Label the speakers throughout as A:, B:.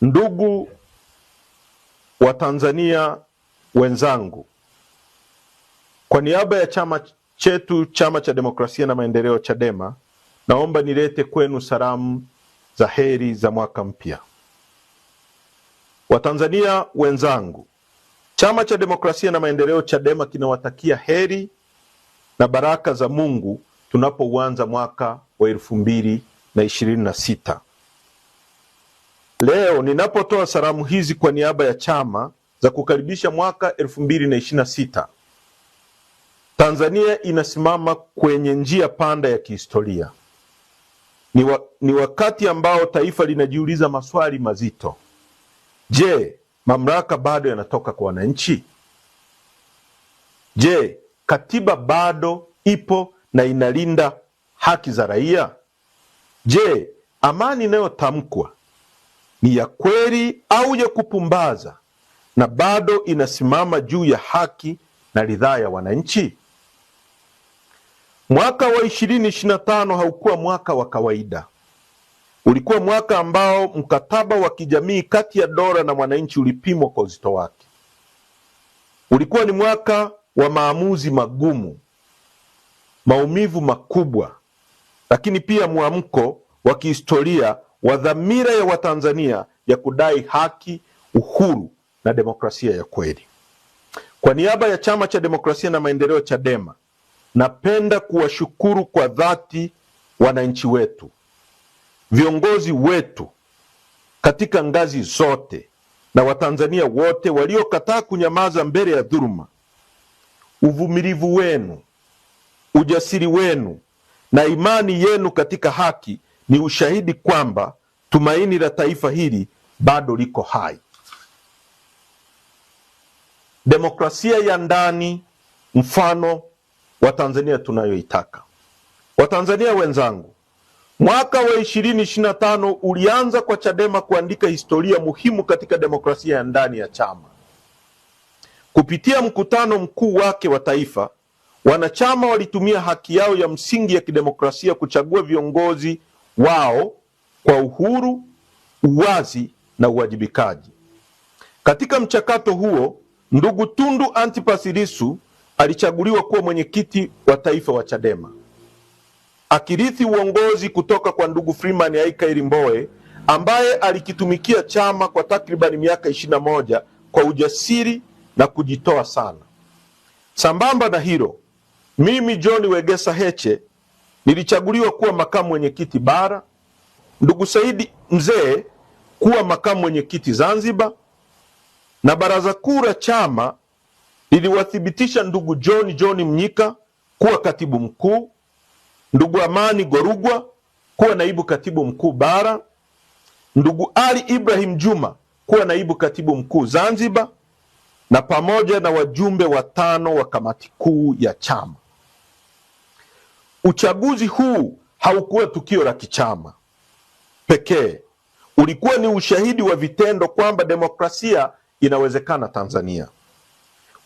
A: Ndugu Watanzania wenzangu, kwa niaba ya chama chetu, Chama cha Demokrasia na Maendeleo, CHADEMA, naomba nilete kwenu salamu za heri za mwaka mpya. Watanzania wenzangu, Chama cha Demokrasia na Maendeleo, CHADEMA, kinawatakia heri na baraka za Mungu tunapouanza mwaka wa elfu mbili na ishirini na sita. Leo ninapotoa salamu hizi kwa niaba ya chama za kukaribisha mwaka elfu mbili na Tanzania inasimama kwenye njia panda ya kihistoria. Ni, wa, ni wakati ambao taifa linajiuliza maswali mazito. Je, mamlaka bado yanatoka kwa wananchi? Je, katiba bado ipo na inalinda haki za raia? Je, amani inayotamkwa ni ya kweli au ya kupumbaza na bado inasimama juu ya haki na ridhaa ya wananchi? Mwaka wa 2025 haukuwa mwaka wa kawaida. Ulikuwa mwaka ambao mkataba wa kijamii kati ya dola na mwananchi ulipimwa kwa uzito wake. Ulikuwa ni mwaka wa maamuzi magumu, maumivu makubwa, lakini pia mwamko wa kihistoria wa dhamira ya Watanzania ya kudai haki, uhuru na demokrasia ya kweli. Kwa niaba ya Chama cha Demokrasia na Maendeleo, CHADEMA, napenda kuwashukuru kwa dhati wananchi wetu, viongozi wetu katika ngazi zote na Watanzania wote waliokataa kunyamaza mbele ya dhuluma. Uvumilivu wenu, ujasiri wenu na imani yenu katika haki ni ushahidi kwamba tumaini la taifa hili bado liko hai. Demokrasia ya ndani, mfano wa Tanzania tunayoitaka. Watanzania wenzangu, mwaka wa ishirini ishirini na tano ulianza kwa Chadema kuandika historia muhimu katika demokrasia ya ndani ya chama. Kupitia mkutano mkuu wake wa taifa, wanachama walitumia haki yao ya msingi ya kidemokrasia kuchagua viongozi wao kwa uhuru, uwazi na uwajibikaji. Katika mchakato huo, ndugu Tundu Antipas Lissu alichaguliwa kuwa mwenyekiti wa taifa wa Chadema akirithi uongozi kutoka kwa ndugu Freeman Aika Ilimboe ambaye alikitumikia chama kwa takribani miaka ishirini na moja kwa ujasiri na kujitoa sana. Sambamba na hilo, mimi John Wegesa Heche nilichaguliwa kuwa makamu mwenyekiti bara, ndugu Saidi Mzee kuwa makamu mwenyekiti Zanzibar, na baraza kuu la chama liliwathibitisha ndugu John John Mnyika kuwa katibu mkuu, ndugu Amani Gorugwa kuwa naibu katibu mkuu bara, ndugu Ali Ibrahim Juma kuwa naibu katibu mkuu Zanzibar, na pamoja na wajumbe watano wa kamati kuu ya chama. Uchaguzi huu haukuwa tukio la kichama pekee, ulikuwa ni ushahidi wa vitendo kwamba demokrasia inawezekana Tanzania,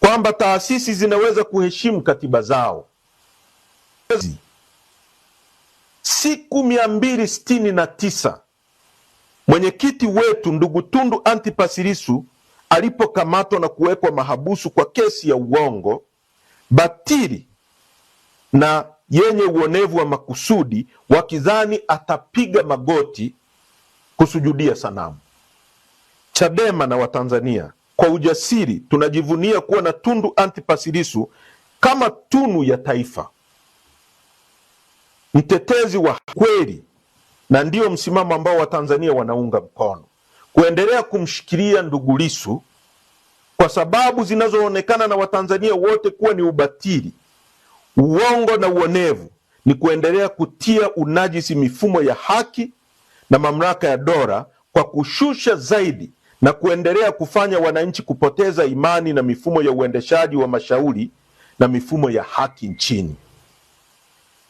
A: kwamba taasisi zinaweza kuheshimu katiba zao. Siku mia mbili sitini na tisa mwenyekiti wetu ndugu Tundu Antipas Lissu alipokamatwa na kuwekwa mahabusu kwa kesi ya uongo batili na yenye uonevu wa makusudi, wakidhani atapiga magoti kusujudia sanamu. Chadema na Watanzania kwa ujasiri tunajivunia kuwa na Tundu Antipas Lissu kama tunu ya taifa, mtetezi wa kweli, na ndio msimamo ambao Watanzania wanaunga mkono kuendelea kumshikilia ndugu Lissu kwa sababu zinazoonekana na Watanzania wote kuwa ni ubatili Uongo na uonevu ni kuendelea kutia unajisi mifumo ya haki na mamlaka ya dola kwa kushusha zaidi na kuendelea kufanya wananchi kupoteza imani na mifumo ya uendeshaji wa mashauri na mifumo ya haki nchini.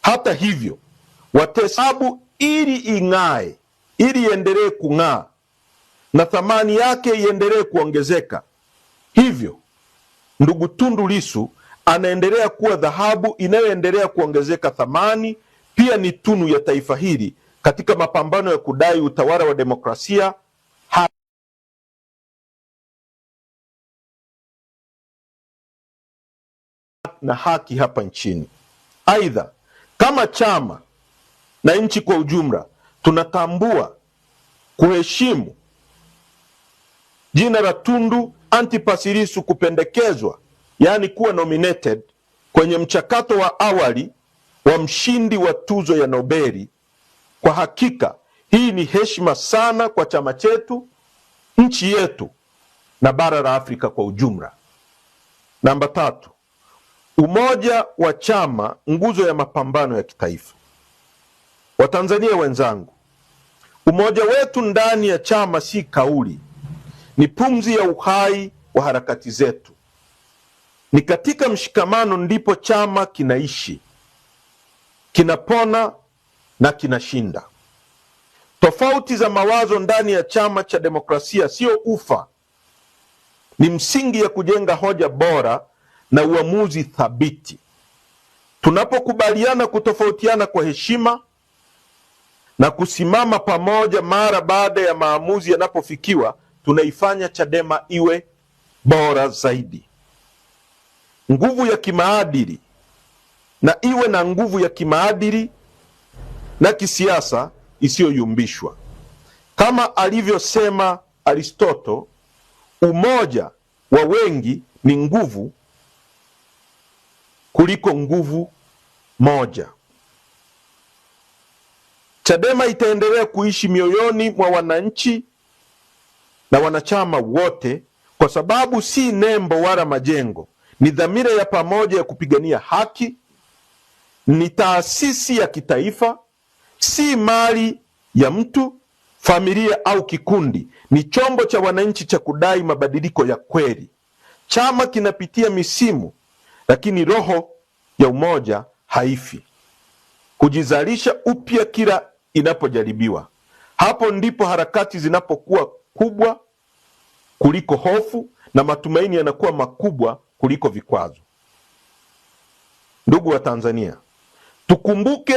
A: Hata hivyo, watesabu ili ing'ae, ili iendelee kung'aa na thamani yake iendelee kuongezeka, hivyo ndugu Tundu Lissu anaendelea kuwa dhahabu inayoendelea kuongezeka thamani, pia ni tunu ya taifa hili katika mapambano ya kudai utawala wa demokrasia na haki hapa nchini. Aidha, kama chama na nchi kwa ujumla, tunatambua kuheshimu jina la Tundu Antipas Lissu kupendekezwa yaani kuwa nominated kwenye mchakato wa awali wa mshindi wa tuzo ya Nobeli. Kwa hakika hii ni heshima sana kwa chama chetu, nchi yetu na bara la Afrika kwa ujumla. Namba tatu, umoja wa chama, nguzo ya mapambano ya kitaifa. Watanzania wenzangu, umoja wetu ndani ya chama si kauli, ni pumzi ya uhai wa harakati zetu. Ni katika mshikamano ndipo chama kinaishi, kinapona na kinashinda. Tofauti za mawazo ndani ya chama cha demokrasia sio ufa, ni msingi ya kujenga hoja bora na uamuzi thabiti. Tunapokubaliana kutofautiana kwa heshima na kusimama pamoja mara baada ya maamuzi yanapofikiwa, tunaifanya Chadema iwe bora zaidi nguvu ya kimaadili na iwe na nguvu ya kimaadili na kisiasa isiyoyumbishwa. Kama alivyosema Aristoto, umoja wa wengi ni nguvu kuliko nguvu moja. Chadema itaendelea kuishi mioyoni mwa wananchi na wanachama wote, kwa sababu si nembo wala majengo, ni dhamira ya pamoja ya kupigania haki, ni taasisi ya kitaifa, si mali ya mtu, familia au kikundi. Ni chombo cha wananchi cha kudai mabadiliko ya kweli. Chama kinapitia misimu, lakini roho ya umoja haifi, hujizalisha upya kila inapojaribiwa. Hapo ndipo harakati zinapokuwa kubwa kuliko hofu na matumaini yanakuwa makubwa kuliko vikwazo. Ndugu wa Tanzania, tukumbuke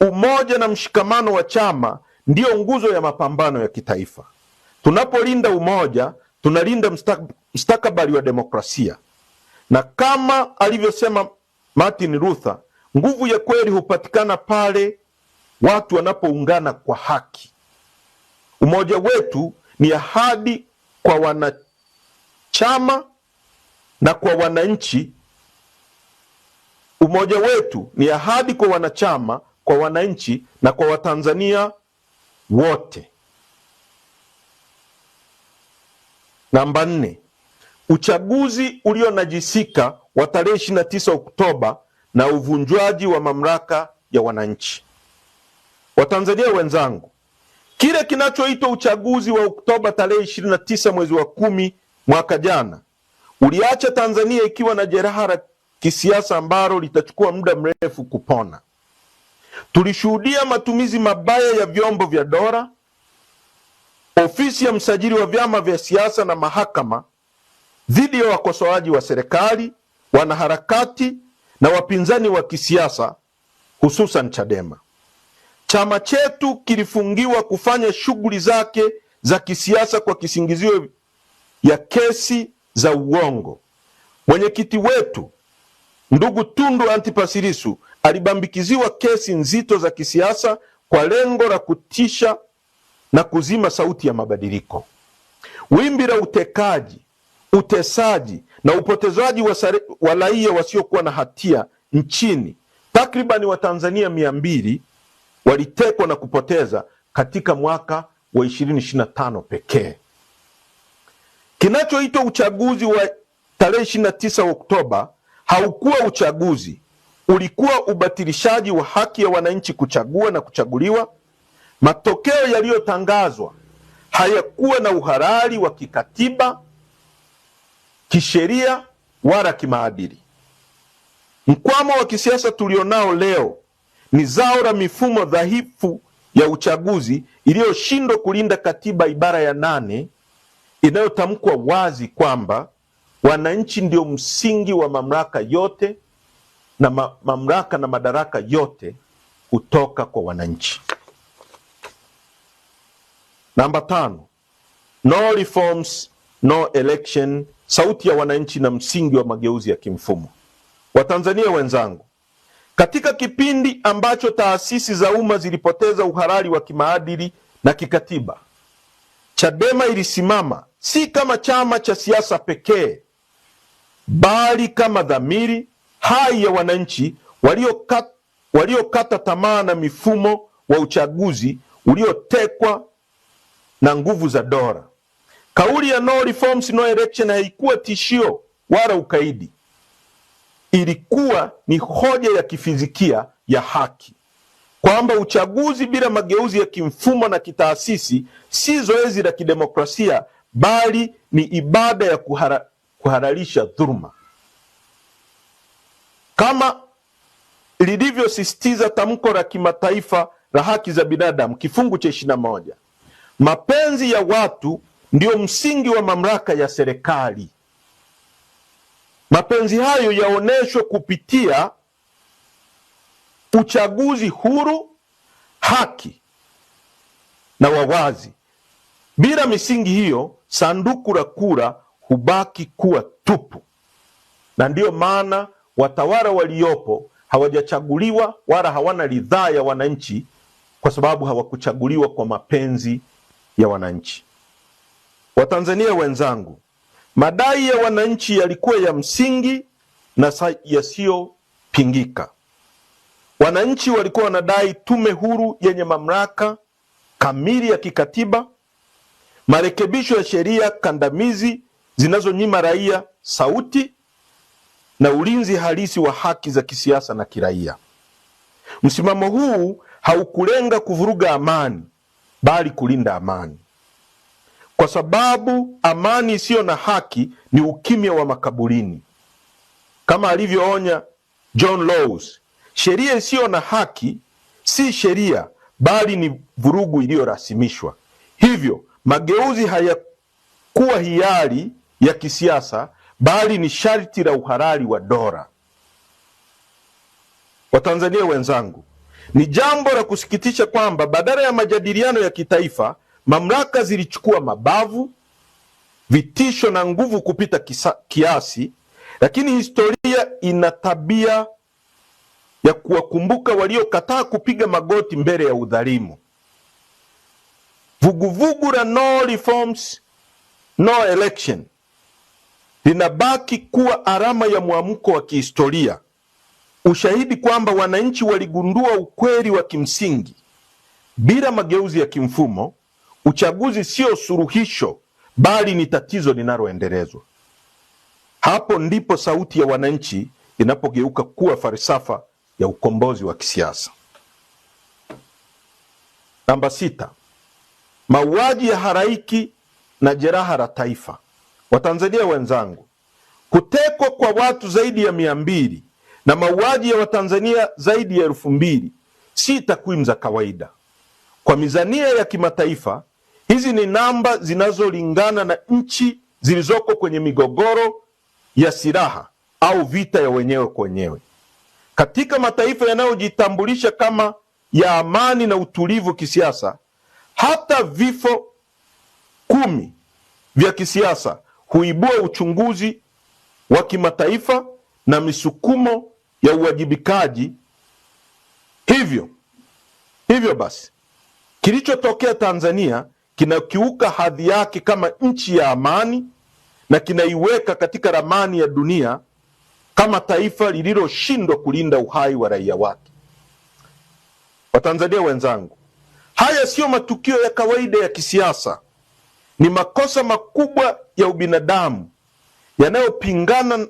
A: umoja na mshikamano wa chama ndiyo nguzo ya mapambano ya kitaifa. Tunapolinda umoja, tunalinda mstakabali wa demokrasia, na kama alivyosema Martin Luther, nguvu ya kweli hupatikana pale watu wanapoungana kwa haki. Umoja wetu ni ahadi kwa wanachama na kwa wananchi. Umoja wetu ni ahadi kwa wanachama, kwa wananchi na kwa Watanzania wote. Namba nne, uchaguzi ulionajisika wa tarehe tisa Oktoba na uvunjwaji wa mamlaka ya wananchi. Watanzania wenzangu, kile kinachoitwa uchaguzi wa Oktoba tarehe tisa mwezi wa kumi mwaka jana uliacha Tanzania ikiwa na jeraha la kisiasa ambalo litachukua muda mrefu kupona. Tulishuhudia matumizi mabaya ya vyombo vya dola, ofisi ya msajili wa vyama vya siasa na mahakama dhidi ya wakosoaji wa serikali, wanaharakati na wapinzani wa kisiasa, hususan Chadema. Chama chetu kilifungiwa kufanya shughuli zake za kisiasa kwa kisingizio ya kesi za uongo. Mwenyekiti wetu ndugu Tundu Antipas Lissu alibambikiziwa kesi nzito za kisiasa kwa lengo la kutisha na kuzima sauti ya mabadiliko. Wimbi la utekaji, utesaji na upotezaji wa raia wasiokuwa na hatia nchini, takribani Watanzania mia mbili walitekwa na kupoteza katika mwaka wa 2025 pekee. Kinachoitwa uchaguzi wa tarehe 29 Oktoba haukuwa uchaguzi, ulikuwa ubatilishaji wa haki ya wananchi kuchagua na kuchaguliwa. Matokeo yaliyotangazwa hayakuwa na uhalali wa kikatiba, kisheria wala kimaadili. Mkwamo wa kisiasa tulionao leo ni zao la mifumo dhaifu ya uchaguzi iliyoshindwa kulinda katiba ibara ya nane inayotamkwa wazi kwamba wananchi ndio msingi wa mamlaka yote na ma mamlaka na madaraka yote kutoka kwa wananchi. Namba tano, no reforms, no election, sauti ya wananchi na msingi wa mageuzi ya kimfumo. Watanzania wenzangu, katika kipindi ambacho taasisi za umma zilipoteza uhalali wa kimaadili na kikatiba Chadema ilisimama si kama chama cha siasa pekee, bali kama dhamiri hai ya wananchi waliokata tamaa na mifumo wa uchaguzi uliotekwa na nguvu za dola. Kauli ya no reforms no election haikuwa tishio wala ukaidi, ilikuwa ni hoja ya kifizikia ya haki kwamba uchaguzi bila mageuzi ya kimfumo na kitaasisi si zoezi la kidemokrasia bali ni ibada ya kuhara, kuhalalisha dhuluma kama lilivyosisitiza tamko la kimataifa la haki za binadamu kifungu cha ishirini na moja. Mapenzi ya watu ndiyo msingi wa mamlaka ya serikali. Mapenzi hayo yaonyeshwe kupitia uchaguzi huru, haki na wawazi. Bila misingi hiyo, sanduku la kura hubaki kuwa tupu, na ndiyo maana watawala waliopo hawajachaguliwa wala hawana ridhaa ya wananchi, kwa sababu hawakuchaguliwa kwa mapenzi ya wananchi. Watanzania wenzangu, madai ya wananchi yalikuwa ya msingi na yasiyopingika. Wananchi walikuwa wanadai tume huru yenye mamlaka kamili ya kikatiba, marekebisho ya sheria kandamizi zinazonyima raia sauti na ulinzi halisi wa haki za kisiasa na kiraia. Msimamo huu haukulenga kuvuruga amani, bali kulinda amani, kwa sababu amani isiyo na haki ni ukimya wa makaburini, kama alivyoonya John Laws Sheria isiyo na haki si sheria, bali ni vurugu iliyorasimishwa. Hivyo mageuzi hayakuwa hiari ya kisiasa, bali ni sharti la uhalali wa dola. Watanzania wenzangu, ni jambo la kusikitisha kwamba badala ya majadiliano ya kitaifa, mamlaka zilichukua mabavu, vitisho na nguvu kupita kisa, kiasi, lakini historia ina tabia ya kuwakumbuka waliokataa kupiga magoti mbele ya udhalimu. Vuguvugu la no reforms no election linabaki kuwa alama ya mwamko wa kihistoria, ushahidi kwamba wananchi waligundua ukweli wa kimsingi: bila mageuzi ya kimfumo, uchaguzi sio suluhisho, bali ni tatizo linaloendelezwa. Hapo ndipo sauti ya wananchi inapogeuka kuwa falsafa ya ukombozi wa kisiasa. Namba sita, mauaji ya haraiki na jeraha la taifa. Watanzania wenzangu, kutekwa kwa watu zaidi ya mia mbili na mauaji ya Watanzania zaidi ya elfu mbili si takwimu za kawaida. Kwa mizania ya kimataifa, hizi ni namba zinazolingana na nchi zilizoko kwenye migogoro ya silaha au vita ya wenyewe kwa wenyewe. Katika mataifa yanayojitambulisha kama ya amani na utulivu kisiasa, hata vifo kumi vya kisiasa huibua uchunguzi wa kimataifa na misukumo ya uwajibikaji. Hivyo hivyo basi, kilichotokea Tanzania kinakiuka hadhi yake kama nchi ya amani na kinaiweka katika ramani ya dunia kama taifa lililoshindwa kulinda uhai wa raia wake. Watanzania wenzangu, haya siyo matukio ya kawaida ya kisiasa, ni makosa makubwa ya ubinadamu yanayopingana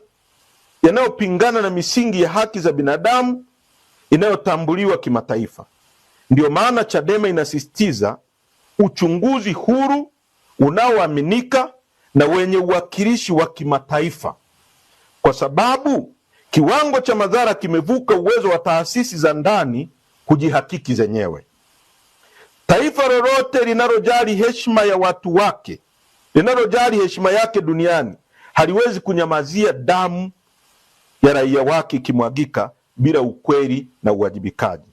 A: yanayopingana na misingi ya haki za binadamu inayotambuliwa kimataifa. Ndiyo maana CHADEMA inasisitiza uchunguzi huru unaoaminika na wenye uwakilishi wa kimataifa kwa sababu kiwango cha madhara kimevuka uwezo wa taasisi za ndani kujihakiki zenyewe. Taifa lolote linalojali heshima ya watu wake, linalojali heshima yake duniani haliwezi kunyamazia damu ya raia wake ikimwagika bila ukweli na uwajibikaji.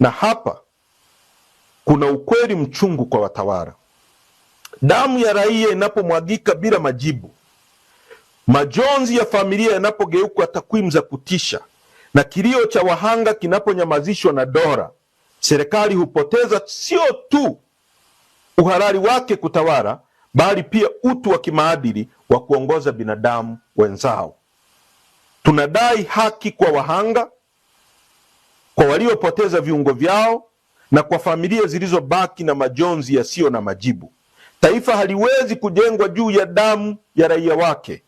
A: Na hapa kuna ukweli mchungu kwa watawala. Damu ya raia inapomwagika bila majibu, Majonzi ya familia yanapogeuka takwimu za kutisha na kilio cha wahanga kinaponyamazishwa na dola, serikali hupoteza sio tu uhalali wake kutawala, bali pia utu wa kimaadili wa kuongoza binadamu wenzao. Tunadai haki kwa wahanga, kwa waliopoteza viungo vyao na kwa familia zilizobaki na majonzi yasiyo na majibu. Taifa haliwezi kujengwa juu ya damu ya raia wake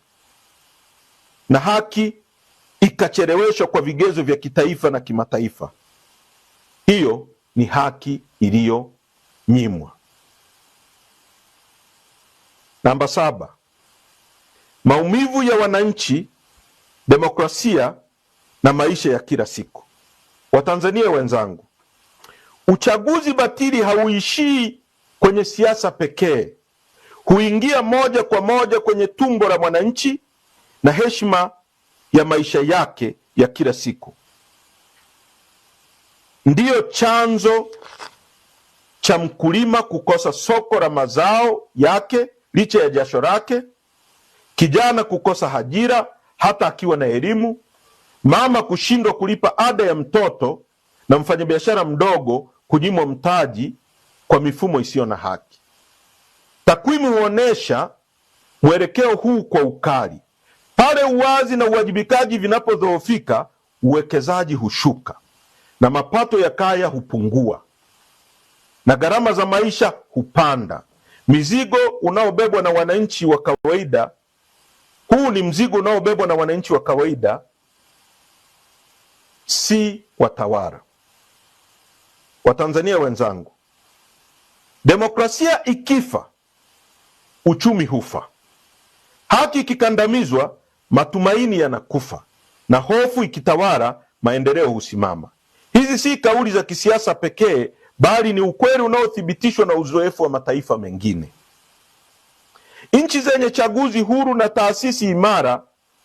A: na haki ikacheleweshwa kwa vigezo vya kitaifa na kimataifa. Hiyo ni haki iliyonyimwa. Namba saba, maumivu ya wananchi, demokrasia na maisha ya kila siku. Watanzania wenzangu, uchaguzi batili hauishii kwenye siasa pekee, huingia moja kwa moja kwenye tumbo la mwananchi na heshima ya maisha yake ya kila siku. Ndiyo chanzo cha mkulima kukosa soko la mazao yake licha ya jasho lake, kijana kukosa ajira hata akiwa na elimu, mama kushindwa kulipa ada ya mtoto na mfanyabiashara mdogo kunyimwa mtaji kwa mifumo isiyo na haki. Takwimu huonyesha mwelekeo huu kwa ukali. Pale uwazi na uwajibikaji vinapodhoofika, uwekezaji hushuka na mapato ya kaya hupungua na gharama za maisha hupanda. Mizigo unaobebwa na wananchi wa kawaida, huu ni mzigo unaobebwa na wananchi wa kawaida, si watawara Watanzania wenzangu, demokrasia ikifa, uchumi hufa. Haki ikikandamizwa, matumaini yanakufa na hofu ikitawala, maendeleo husimama. Hizi si kauli za kisiasa pekee, bali ni ukweli unaothibitishwa na uzoefu wa mataifa mengine. Nchi zenye chaguzi huru na taasisi imara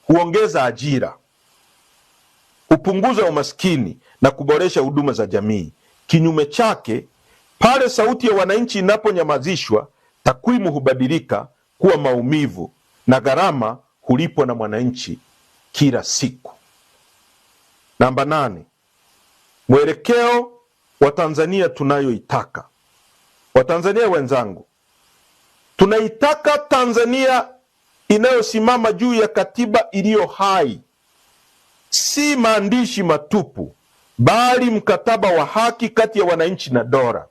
A: huongeza ajira, hupunguza umaskini na kuboresha huduma za jamii. Kinyume chake, pale sauti ya wananchi inaponyamazishwa, takwimu hubadilika kuwa maumivu na gharama hulipwa na mwananchi kila siku. Namba nane, mwelekeo wa Tanzania tunayoitaka. Watanzania wenzangu, tunaitaka Tanzania inayosimama juu ya katiba iliyo hai, si maandishi matupu, bali mkataba wa haki kati ya wananchi na dola.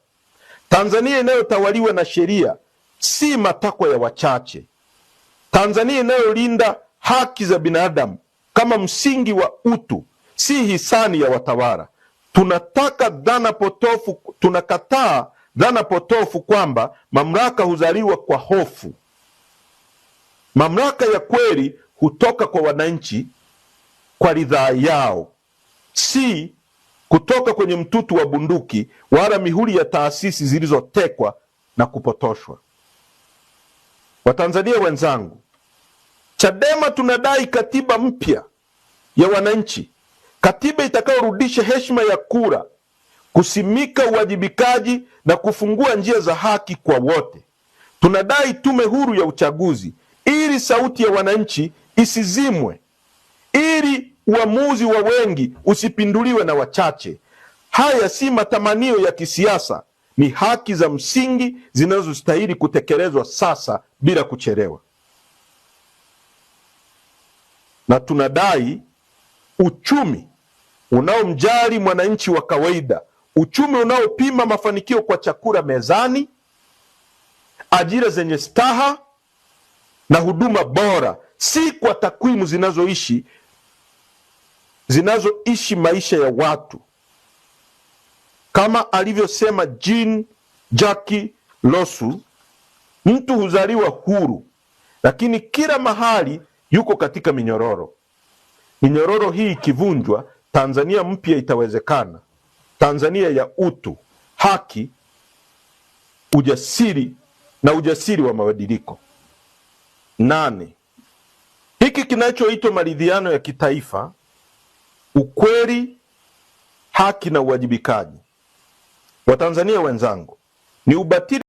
A: Tanzania inayotawaliwa na sheria, si matakwa ya wachache. Tanzania inayolinda haki za binadamu kama msingi wa utu, si hisani ya watawala. Tunataka dhana potofu, tunakataa dhana potofu kwamba mamlaka huzaliwa kwa hofu. Mamlaka ya kweli hutoka kwa wananchi kwa ridhaa yao, si kutoka kwenye mtutu wa bunduki wala mihuri ya taasisi zilizotekwa na kupotoshwa. Watanzania wenzangu, Chadema tunadai katiba mpya ya wananchi, katiba itakayorudisha heshima ya kura, kusimika uwajibikaji na kufungua njia za haki kwa wote. Tunadai tume huru ya uchaguzi ili sauti ya wananchi isizimwe, ili uamuzi wa wengi usipinduliwe na wachache. Haya si matamanio ya kisiasa, ni haki za msingi zinazostahili kutekelezwa sasa bila kuchelewa na tunadai uchumi unaomjali mwananchi wa kawaida, uchumi unaopima mafanikio kwa chakula mezani, ajira zenye staha na huduma bora, si kwa takwimu zinazoishi zinazoishi maisha ya watu, kama alivyosema Jean Jacques Rousseau, mtu huzaliwa huru, lakini kila mahali yuko katika minyororo. Minyororo hii ikivunjwa, Tanzania mpya itawezekana, Tanzania ya utu, haki, ujasiri na ujasiri wa mabadiliko. Nane, hiki kinachoitwa maridhiano ya kitaifa, ukweli, haki na uwajibikaji. Watanzania wenzangu, ni ubatili